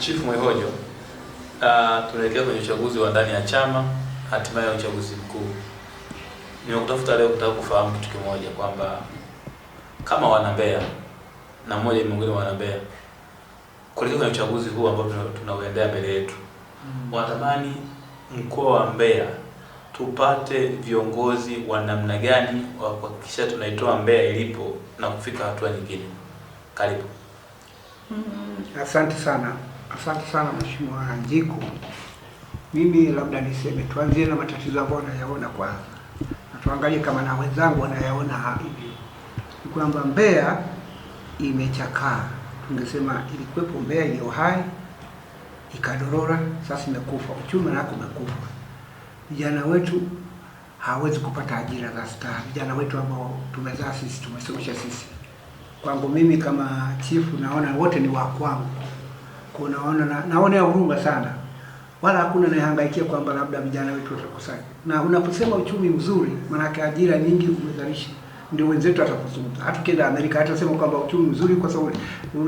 Chifu Mwehojo, uh, tunaelekea kwenye uchaguzi wa ndani ya chama, hatimaye ya uchaguzi mkuu. Nimekutafuta leo kutaka kufahamu kitu kimoja kwamba kama wana Mbeya na mmoja miongoni wana Mbeya kuelekea kwenye uchaguzi huu ambao tunauendea mbele yetu, mm. wanatamani mkoa wa Mbeya tupate viongozi wa namna gani wa kuhakikisha tunaitoa Mbeya ilipo na kufika hatua nyingine. Karibu. Mm, asante sana. Asante sana Mheshimiwa Njiku. Mimi labda niseme tuanzie na matatizo ambayo nayaona kwanza, na tuangalie kama na wenzangu wanayaona hivi. Ni kwamba Mbeya imechakaa, tungesema ilikuwepo Mbeya iliyo hai ikadorora, sasa imekufa. Uchumi nako umekufa, vijana wetu hawezi kupata ajira za staha, vijana wetu ambao tumezaa sisi, tumesomesha sisi. Kwangu mimi kama chifu, naona wote ni wa kwangu kunaona na, naona huruma sana, wala hakuna anayehangaikia kwamba labda vijana wetu watakusanya. Na unaposema uchumi mzuri, maanake ajira nyingi umezalisha, ndio wenzetu watakuzungumza. Hata ukienda Amerika hatasema kwamba uchumi mzuri kwa sababu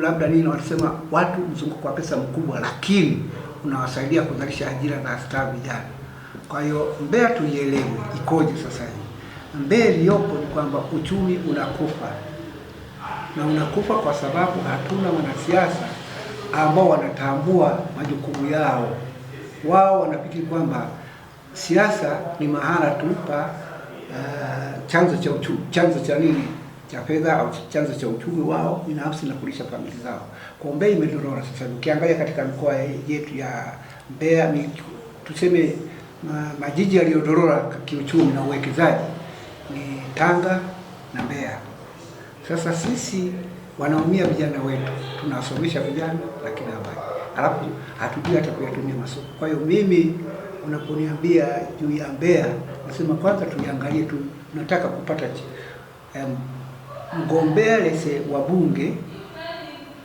labda nini, watasema watu mzunguko wa pesa mkubwa, lakini unawasaidia kuzalisha ajira na staa vijana. Kwa hiyo Mbeya tuielewe ikoje sasa hivi. Mbeya iliyopo ni kwamba uchumi unakufa na unakufa kwa sababu hatuna wanasiasa ambao wanatambua majukumu yao. Wao wanafikiri kwamba siasa ni mahala tu pa uh, chanzo cha uchumi, chanzo cha nini cha fedha au chanzo cha uchumi wao binafsi na kulisha familia zao. kwa Kombe imedorora sasa. Ukiangalia katika mikoa yetu ya Mbeya, tuseme majiji yaliyodorora kiuchumi na uwekezaji ni Tanga na Mbeya. Sasa sisi wanaumia vijana wetu, tunawasomesha vijana lakini habari, alafu hatujui hata kuyatumia masoko. Kwa hiyo mimi unaponiambia juu ya Mbeya, nasema kwanza tuiangalie tu, nataka kupata um, mgombea lese wa bunge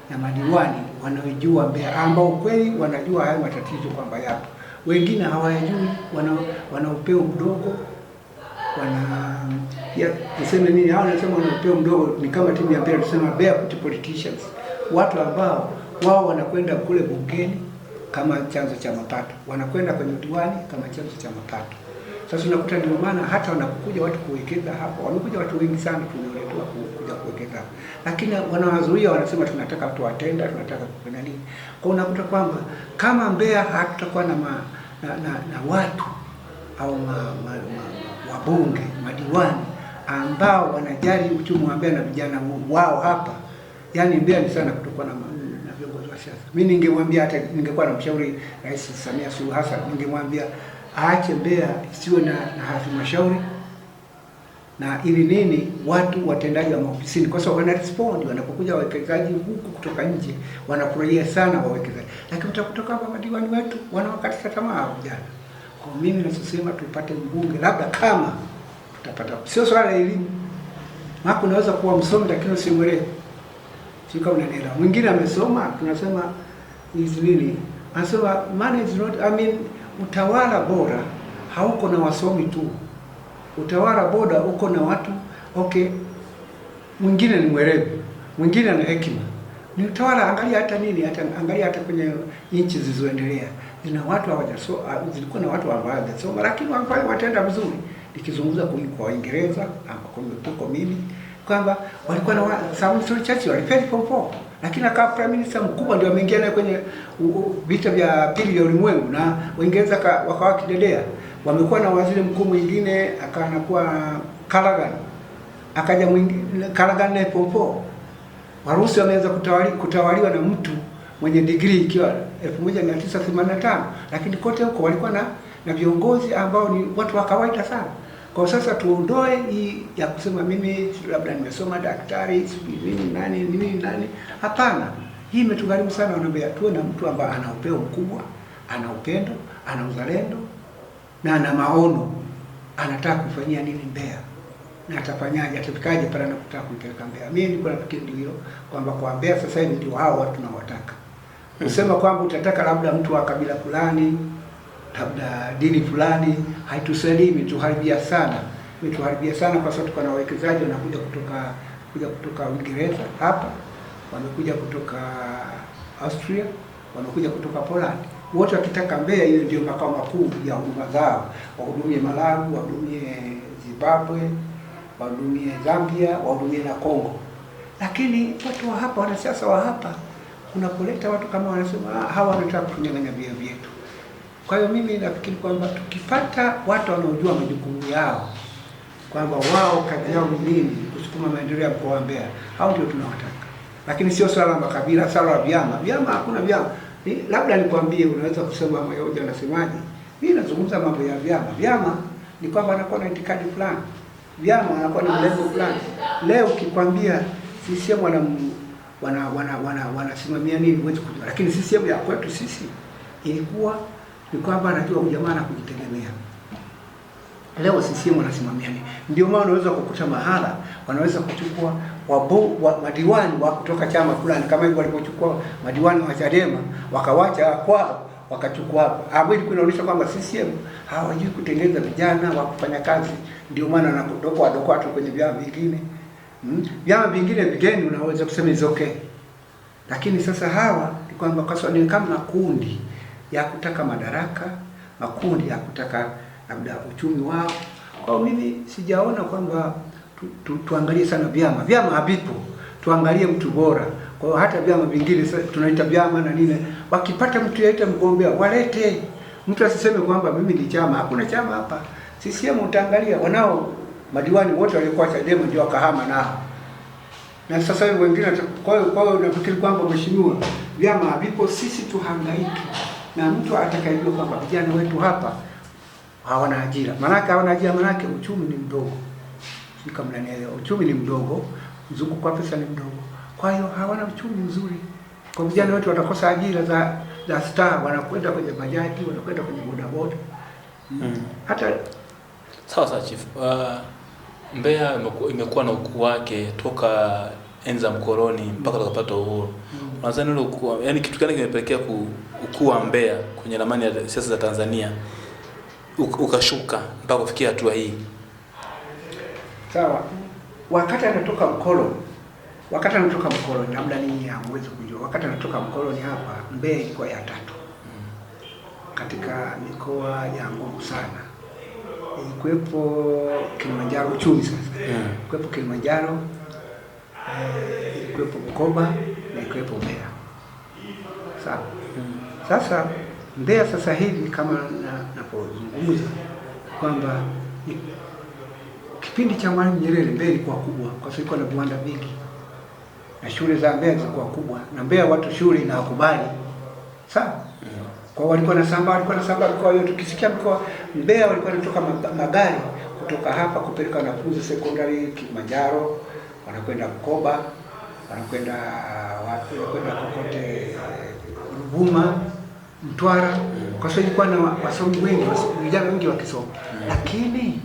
na madiwani wanaojua Mbeya, ambao kweli wanajua haya matatizo kwamba yapo, wengine hawayajui, wana, wana upeo mdogo wana ya tuseme nini, hao wanasema wana upeo mdogo, ni kama timu ya mpira tuseme bare foot politicians, watu ambao wao wanakwenda kule bungeni kama chanzo cha mapato, wanakwenda kwenye diwani kama chanzo cha mapato. Sasa unakuta ndio maana hata wanapokuja watu kuwekeza hapo, wamekuja watu wengi sana tulioletewa kuja kuwekeza, lakini wanawazuia, wanasema tunataka watu watenda, tunataka kufanya nini. Kwa unakuta kwamba kama Mbeya hatutakuwa na, na, na, na watu au ma, ma, ma, ma, wabunge madiwani ambao wanajali uchumi wa Mbeya na vijana wao hapa. Yaani Mbeya ni sana kutokuwa na na viongozi wa siasa. Mimi ningemwambia hata ningekuwa na mshauri Rais Samia Suluhu Hassan, ningemwambia aache Mbeya isiwe na, na halmashauri na ili nini watu watendaji wa maofisini, kwa sababu wana respond wanapokuja wawekezaji huku kutoka nje wanafurahia sana wawekezaji, lakini utakuta kwamba madiwani wetu wanawakatisha tamaa vijana. Kwa mimi nasema tupate mbunge labda kama utapata. Sio swala la elimu maana unaweza kuwa msomi lakini usimwelewe, sio kama unanielewa. Mwingine amesoma tunasema is nini, anasema money is not I mean, utawala bora hauko na wasomi tu, utawala bora uko na watu okay. Mwingine ni mwerevu, mwingine ana hekima ni utawala. Angalia hata nini, hata angalia hata kwenye nchi zilizoendelea zina watu hawajasoma, zilikuwa na watu ambao hawajasoma, lakini wafanya watenda vizuri nikizungumza kwa Waingereza ambako nimetoka mimi kwamba walikuwa na wa, Winston Churchill walifeli form 4 lakini akawa prime minister mkubwa ndio ameingia naye kwenye vita vya pili vya ulimwengu na Waingereza wakawa kidedea. Wamekuwa na waziri mkuu mwingine akaanakuwa Callaghan, akaja mwingine Callaghan naye form 4. Warusi wameanza kutawali, kutawaliwa na mtu mwenye degree ikiwa 1985 lakini kote huko walikuwa na na viongozi ambao ni watu wa kawaida sana. Kwa sasa tuondoe hii ya kusema mimi labda nimesoma daktari sijui nini nani nini nani. Hapana, hii imetugharimu sana. Wanaambia tuwe na mtu ambaye ana upeo mkubwa, ana upendo, ana uzalendo na ana maono, anataka kufanyia nini Mbeya na atafanyaje, atafikaje pale anakutaka kumpeleka Mbeya. Mimi niko nafikiri ndio hilo kwamba kwa Mbeya sasa hivi ndio hao watu tunawataka, kusema kwamba utataka labda mtu wa kabila fulani labda dini fulani haitusaidii, imetuharibia sana, imetuharibia sana, kwa sababu kuna wawekezaji wanakuja kutoka kuja kutoka Uingereza hapa, wamekuja kutoka Austria, wamekuja kutoka Poland, wote wakitaka Mbeya hiyo ndio makao makuu ya huduma zao, wahudumie Malawi, wahudumie Zimbabwe, wahudumie Zambia, wahudumie na Kongo. Lakini watu wa hapa, wanasiasa wa hapa, kuleta watu kama wanasema ah, hawa wanataka kunyang'anya vio vyetu kwa hiyo mimi nafikiri kwamba tukipata watu wanaojua majukumu yao kwamba wao kazi yao ni nini kusukuma maendeleo ya mkoa wa Mbeya, hao ndio tunawataka, lakini sio swala la makabila, swala la vyama. Vyama hakuna vyama. Ni, labda nikwambie, unaweza kusema mmoja anasemaje? Mimi nazungumza mambo ya vyama. Vyama ni kwamba wanakuwa na itikadi fulani, vyama wanakuwa na mlengo fulani. Leo ukikwambia CCM wana wana wanasimamia wana, wana nini, huwezi kujua, lakini CCM ya kwetu sisi ilikuwa ni kwamba anajua ujamaa na kujitegemea. Leo CCM wanasimamia nini? Ndio maana unaweza kukuta mahala wanaweza kuchukua wabo, wa, madiwani wa kutoka chama fulani kama hivyo walipochukua madiwani wa Chadema wakawacha kwao wakachukua hapo. Hapo ah, ilikuwa inaonyesha kwamba CCM hawajui kutengeneza vijana wa kufanya kazi, ndio maana wanakudoka wadoka watu kwenye vyama vingine. Hmm? vyama hmm, vingine vigeni unaweza kusema is okay, lakini sasa hawa ni kwamba kwa sababu ni kama kundi ya kutaka madaraka, makundi ya kutaka labda uchumi wao. Kwa mimi sijaona kwamba tu, tu, tuangalie sana vyama, vyama havipo, tuangalie mtu bora. Kwa hiyo hata vyama vingine tunaita vyama na nini, wakipata mtu yeyote mgombea walete mtu asiseme kwamba mimi ni chama. Hakuna chama hapa. CCM utaangalia wanao madiwani wote walikuwa Chadema ndio wakahama na na sasa wengine. Kwa hiyo nafikiri kwamba mheshimiwa, vyama havipo, sisi tuhangaike na mtu atakayejua kwamba vijana wetu hapa hawana ajira, maanake hawana ajira, maanake uchumi ni mdogo, kama mnanielewa, uchumi ni mdogo, mzunguko wa pesa ni mdogo, kwa hiyo hawana uchumi mzuri. Kwa vijana wetu watakosa ajira za za star, wanakwenda kwenye bajaji, wanakwenda kwenye bodaboda mm. hata sawa sawa, chief. Uh, Mbeya imekuwa na ukuu wake toka enzi za mkoloni mpaka tukapata uhuru mm. Nadhani hilo kuwa yani kitu gani kimepelekea kukua Mbeya kwenye ramani ya siasa za Tanzania ukashuka mpaka kufikia hatua hii? Sawa, wakati anatoka mkoloni, wakati anatoka mkoloni, labda ninyi hamwezi kujua, wakati anatoka mkoloni hapa Mbeya ilikuwa ya tatu katika mikoa ya ngumu sana ilikuwepo Kilimanjaro, uchumi sasa, yeah. Hmm. ilikuwepo Kilimanjaro ikiwepo Bukoba na ikiwepo Mbeya. Sawa. Sasa Mbeya sasa hivi kama napozungumza na kwamba kipindi cha Mwalimu Nyerere Mbeya ilikuwa kubwa kwa sababu ilikuwa na viwanda vingi na shule za Mbeya zilikuwa kubwa, na Mbeya watu shule inawakubali sawa. Kwa walikuwa na samba, walikuwa na samba. Kwa hiyo tukisikia mkoa Mbeya walikuwa wanatoka magari kutoka hapa kupeleka wanafunzi sekondari Kilimanjaro wanakwenda Bukoba, wanakwenda uh, wapi, wanakwenda kokote uh, Ruvuma, Mtwara, kwa sababu ilikuwa na wasomi wengi, vijana wengi wakisoma. Lakini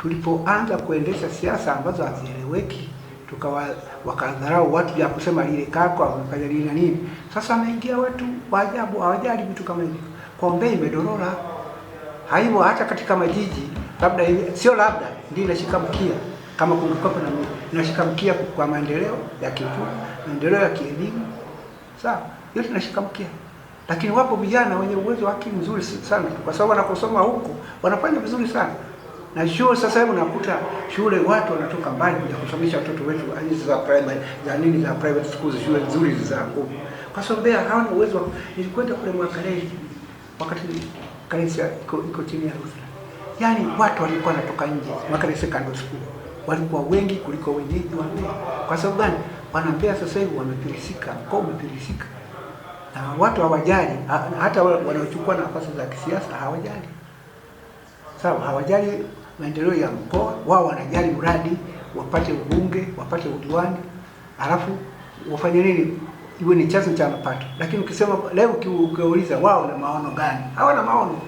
tulipoanza kuendesha siasa ambazo hazieleweki tukawa wakadharau watu ya kusema ile kako amefanya nini na nini. Sasa ameingia watu wa ajabu, hawajali vitu kama hivyo. Pombe imedorora, haipo hata katika majiji, labda sio, labda ndio mkia kama kungekuwa na mimi tunashika mkia kwa maendeleo ya kiuchumi, maendeleo ya kielimu, sawa, hiyo tunashika mkia. Lakini wapo vijana wenye uwezo wa akili mzuri sana, kwa sababu wanaposoma huko wanafanya vizuri sana na shule sasa hivi unakuta shule watu wanatoka mbali kuja kusomesha watoto wetu hizi za primary za nini za private schools, shule nzuri za huko, kwa sababu Mbeya hawana uwezo. Nilikwenda kule mwakalei wakati kanisa iko chini ya Luthra, yani watu walikuwa wanatoka nje mwakalei secondary school walikuwa wengi kuliko wenyeji wa Mbeya. Kwa sababu gani? Wana sasa hivi wamefilisika, mkoa umefilisika, na watu hawajali, hata wanaochukua nafasi za kisiasa hawajali, sawa, hawajali maendeleo ya mkoa wao, wanajali mradi wapate ubunge, wapate udiwani, alafu wafanye nini, iwe ni chanzo cha mapato. Lakini ukisema leo, ukiuliza wao na maono gani, hawana maono.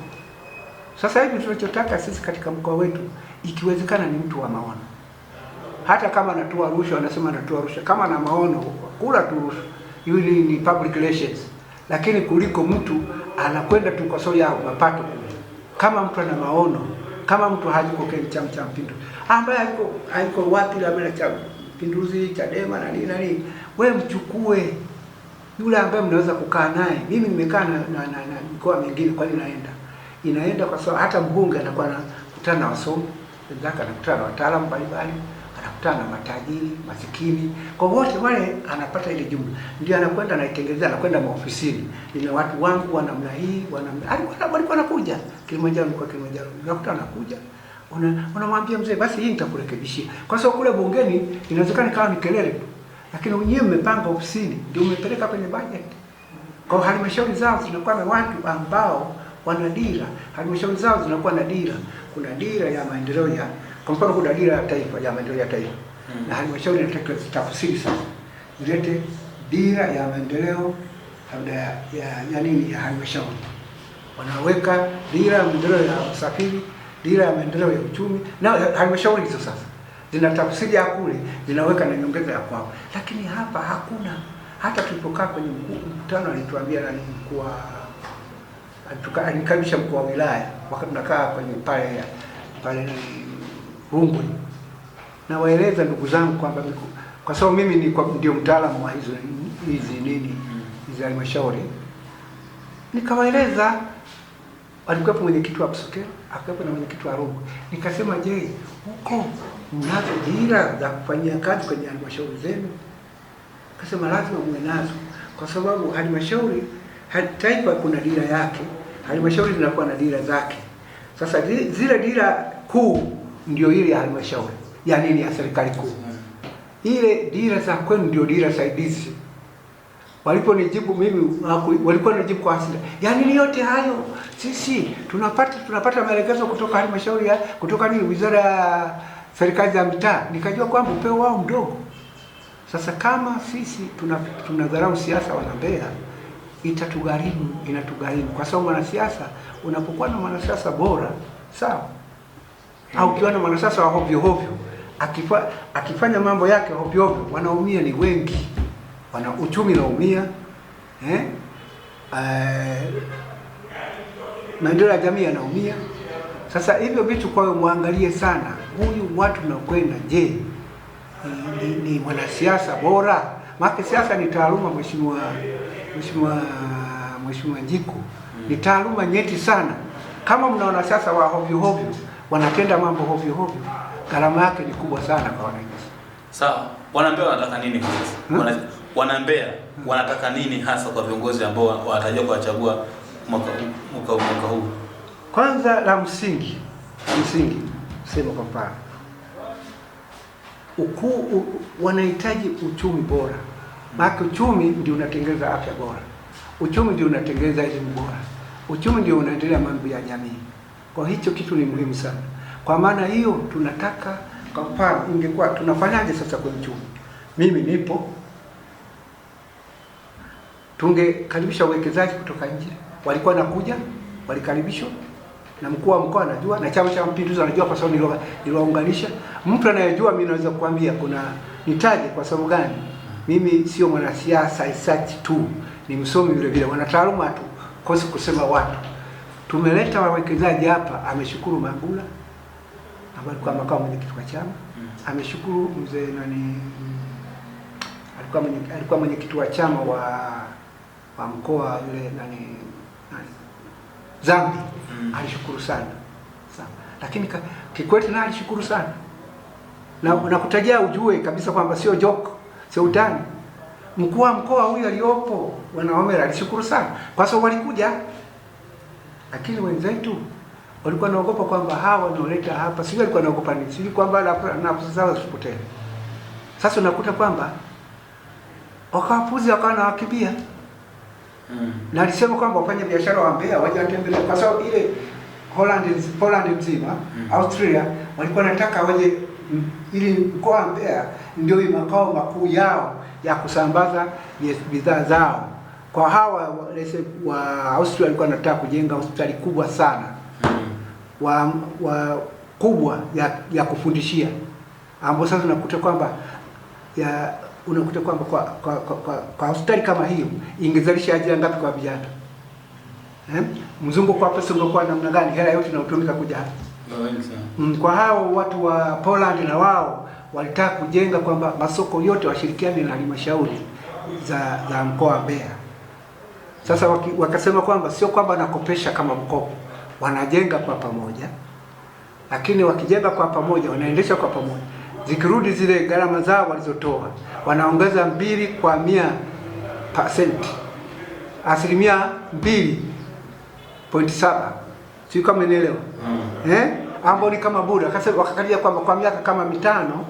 Sasa hivi tunachotaka sisi katika mkoa wetu, ikiwezekana, ni mtu wa maono hata kama anatoa rushwa, anasema anatoa rushwa, kama ana maono, kula tu rushwa. Hili ni public relations, lakini kuliko mtu anakwenda tu kwa soya ya mapato. Kama mtu ana maono, kama mtu hajiko kwenye chama cha Mapinduzi, ambaye haiko haiko wapi labda cha Mapinduzi, Chadema na nini na nini, wewe mchukue yule ambaye mnaweza kukaa naye. Mimi nimekaa na, na, na, na mikoa mingine, kwani naenda inaenda kwa sababu hata mbunge anakuwa anakutana na wasomi wenzake, anakutana na wataalamu mbalimbali anakutana na matajiri, masikini, kwa wote wale anapata ile jumla, ndio anakwenda anaitengezea, anakwenda maofisini, ina watu wangu wa namna hii, wa namna walikuwa wanakuja Kilimanjaro, kwa Kilimanjaro unakuta anakuja una unamwambia mzee, basi hii nitakurekebishia, kwa sababu kule bungeni inawezekana kawa ni kelele tu, lakini wenyewe mmepanga ofisini, ndio umepeleka kwenye budget. Kwa halmashauri zao zinakuwa na watu ambao wana dira, halmashauri zao zinakuwa na dira, kuna dira ya maendeleo ya kwa mfano kuna dira ya taifa ya maendeleo ya taifa hmm. na halmashauri inatakiwa tafsiri sasa, ilete dira ya maendeleo labda ya, ya, ya nini ya halmashauri. Wanaweka dira ya maendeleo ya usafiri, dira ya maendeleo ya uchumi, na halmashauri hizo sasa zina tafsiri ya kule, zinaweka na nyongeza ya kwao, lakini hapa hakuna. Hata tulipokaa kwenye mkutano alituambia nani mkuu wa alikaribisha mkuu wa wilaya wakati tunakaa kwenye pale pale Rungwe. Nawaeleza ndugu zangu kwamba kwa sababu mimi ni kwa, ndio mtaalamu wa hizo hizi nini hizi halmashauri, nikawaeleza. Walikuwepo mwenyekiti wa Busokelo, akawepo na mwenyekiti wa Rungwe. Nikasema, je, huko mnazo dira za kufanyia kazi kwenye halmashauri zenu? Akasema lazima muwe nazo, kwa sababu halmashauri taifa kuna dira yake, halmashauri zinakuwa na dira zake. Sasa zile dira kuu ndio ile ya halmashauri ya nini ya serikali kuu. Ile dira za kwenu ndio dira saidizi. Waliponijibu mimi walikuwa nijibu kwa hasira. Yaani yote hayo sisi tunapata tunapata maelekezo kutoka halmashauri kutoka ni wizara ya serikali za mitaa. Nikajua kwamba upeo wao mdogo. Sasa kama sisi tunadharau tuna siasa wana Mbeya itatugharimu, inatugharimu kwa sababu mwanasiasa unapokuwa na mwanasiasa bora sawa au ukiona mwanasiasa wa hovyo hovyo akifa, akifanya mambo yake hovyo hovyo, wanaumia ni wengi, wana uchumi naumia eh? eh? maendeleo ya jamii yanaumia. Sasa hivyo vitu kwawe muangalie sana, huyu watu nakwenda je, ni, ni, ni mwanasiasa bora? Maana siasa ni taaluma, mheshimiwa mheshimiwa mheshimiwa Njiku, ni taaluma nyeti sana. Kama mnaona siasa wa hovyo hovyo wanatenda mambo hovyo hovyo, gharama yake ni kubwa sana kwa wananchi. Sawa, wanambea wanataka nini kwanza? hmm? wanambea wanataka nini hasa kwa viongozi ambao wanatarajiwa kuwachagua mwaka mwaka huu? Kwanza la msingi, msingi sema kwa mfano ukuu, wanahitaji uchumi bora, maana uchumi ndio unatengeneza afya bora, uchumi ndio unatengeneza elimu bora, uchumi ndio unaendelea mambo ya jamii. Kwa hicho kitu ni muhimu sana. Kwa maana hiyo tunataka kwa mfano, ingekuwa tunafanyaje sasa kwa uchumi, Mimi nipo, tungekaribisha uwekezaji kutoka nje. Walikuwa nakuja, walikaribishwa na mkuu wa mkoa anajua, na Chama cha Mapinduzi anajua, kwa sababu niliwaunganisha. Mtu anayejua mimi naweza kukwambia kuna nitaje. Kwa sababu gani? Mimi sio mwanasiasa isati tu, ni msomi vile vile, wanataaluma tu, kosi kusema watu tumeleta wawekezaji hapa. Ameshukuru magula ambaye alikuwa makao mwenyekiti wa chama, mm. ameshukuru mzee nani, alikuwa mwenye, alikuwa mwenyekiti wa chama wa wa mkoa yule nani, nani Zambi mm. alishukuru sana sana, lakini Kikwete naye alishukuru sana na nakutajia ujue kabisa kwamba sio joke, sio utani. Mkuu wa mkoa huyu aliyopo wanaomera alishukuru sana kwa sababu walikuja lakini wenzetu walikuwa naogopa kwamba hawa wanaoleta hapa, sijui walikuwa naogopa nini, sijui kwamba na zao zisipotee. Sasa unakuta kwamba wakawapuzi wakawa nawakimbia mm. na alisema kwamba wafanya biashara wa Mbeya waje watembelee, kwa sababu ile Holland, Poland mzima mm. Austria walikuwa wanataka waje ili mkoa wa Mbeya ndio makao makuu yao ya kusambaza bidhaa zao kwa hawa wa Austria walikuwa wanataka kujenga hospitali kubwa sana mm. wa, wa kubwa ya, ya kufundishia ambapo sasa unakuta kwamba ya unakuta kwamba kwa kwa, kwa, kwa, kwa hospitali kama hiyo ingezalisha ajira ngapi kwa vijana eh? Mzungu kwa pesa ungekuwa namna gani? Hela yote inayotumika kuja hapa mm, kwa hao watu wa Poland, na wao walitaka kujenga kwamba masoko yote washirikiane na halmashauri za za mkoa wa Mbeya. Sasa waki, wakasema kwamba sio kwamba nakopesha kama mkopo, wanajenga kwa pamoja, lakini wakijenga kwa pamoja wanaendesha kwa pamoja, zikirudi zile gharama zao walizotoa wanaongeza mbili kwa mia pasenti, asilimia mbili pointi saba sio kama nielewa mm. eh? ambao ni kama bure, wakakalia kwamba kwa miaka kama mitano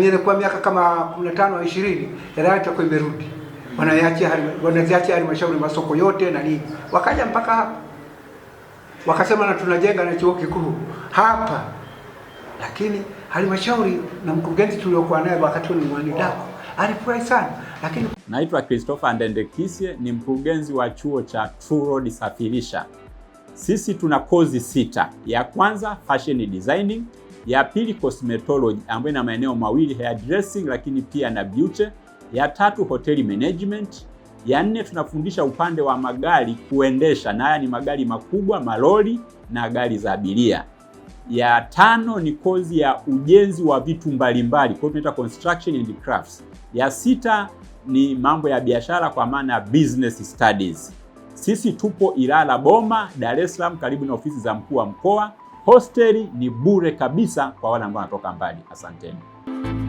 eh, kwa miaka kama kumi na tano au ishirini hela yake itakuwa imerudi wanaziachia wanaziachia halmashauri masoko yote na nini, wakaja mpaka hapa wakasema na tunajenga na chuo kikuu hapa, lakini halmashauri na mkurugenzi tuliokuwa naye wakati ni dako alifurahi sana. Lakini naitwa Christopher Ndendekisye, ni mkurugenzi wa chuo cha True Road Safirisha. Sisi tuna kozi sita. Ya kwanza fashion designing, ya pili cosmetology ambayo ina maeneo mawili hairdressing, lakini pia na beauty ya tatu hoteli management, ya nne tunafundisha upande wa magari kuendesha, na haya ni magari makubwa, malori na gari za abiria. Ya tano ni kozi ya ujenzi wa vitu mbalimbali, kwa hiyo tunaita construction and crafts. Ya sita ni mambo ya biashara kwa maana business studies. Sisi tupo Ilala Boma, Dar es Salaam, karibu na ofisi za mkuu wa mkoa. Hosteli ni bure kabisa kwa wale ambao wanatoka mbali. Asanteni.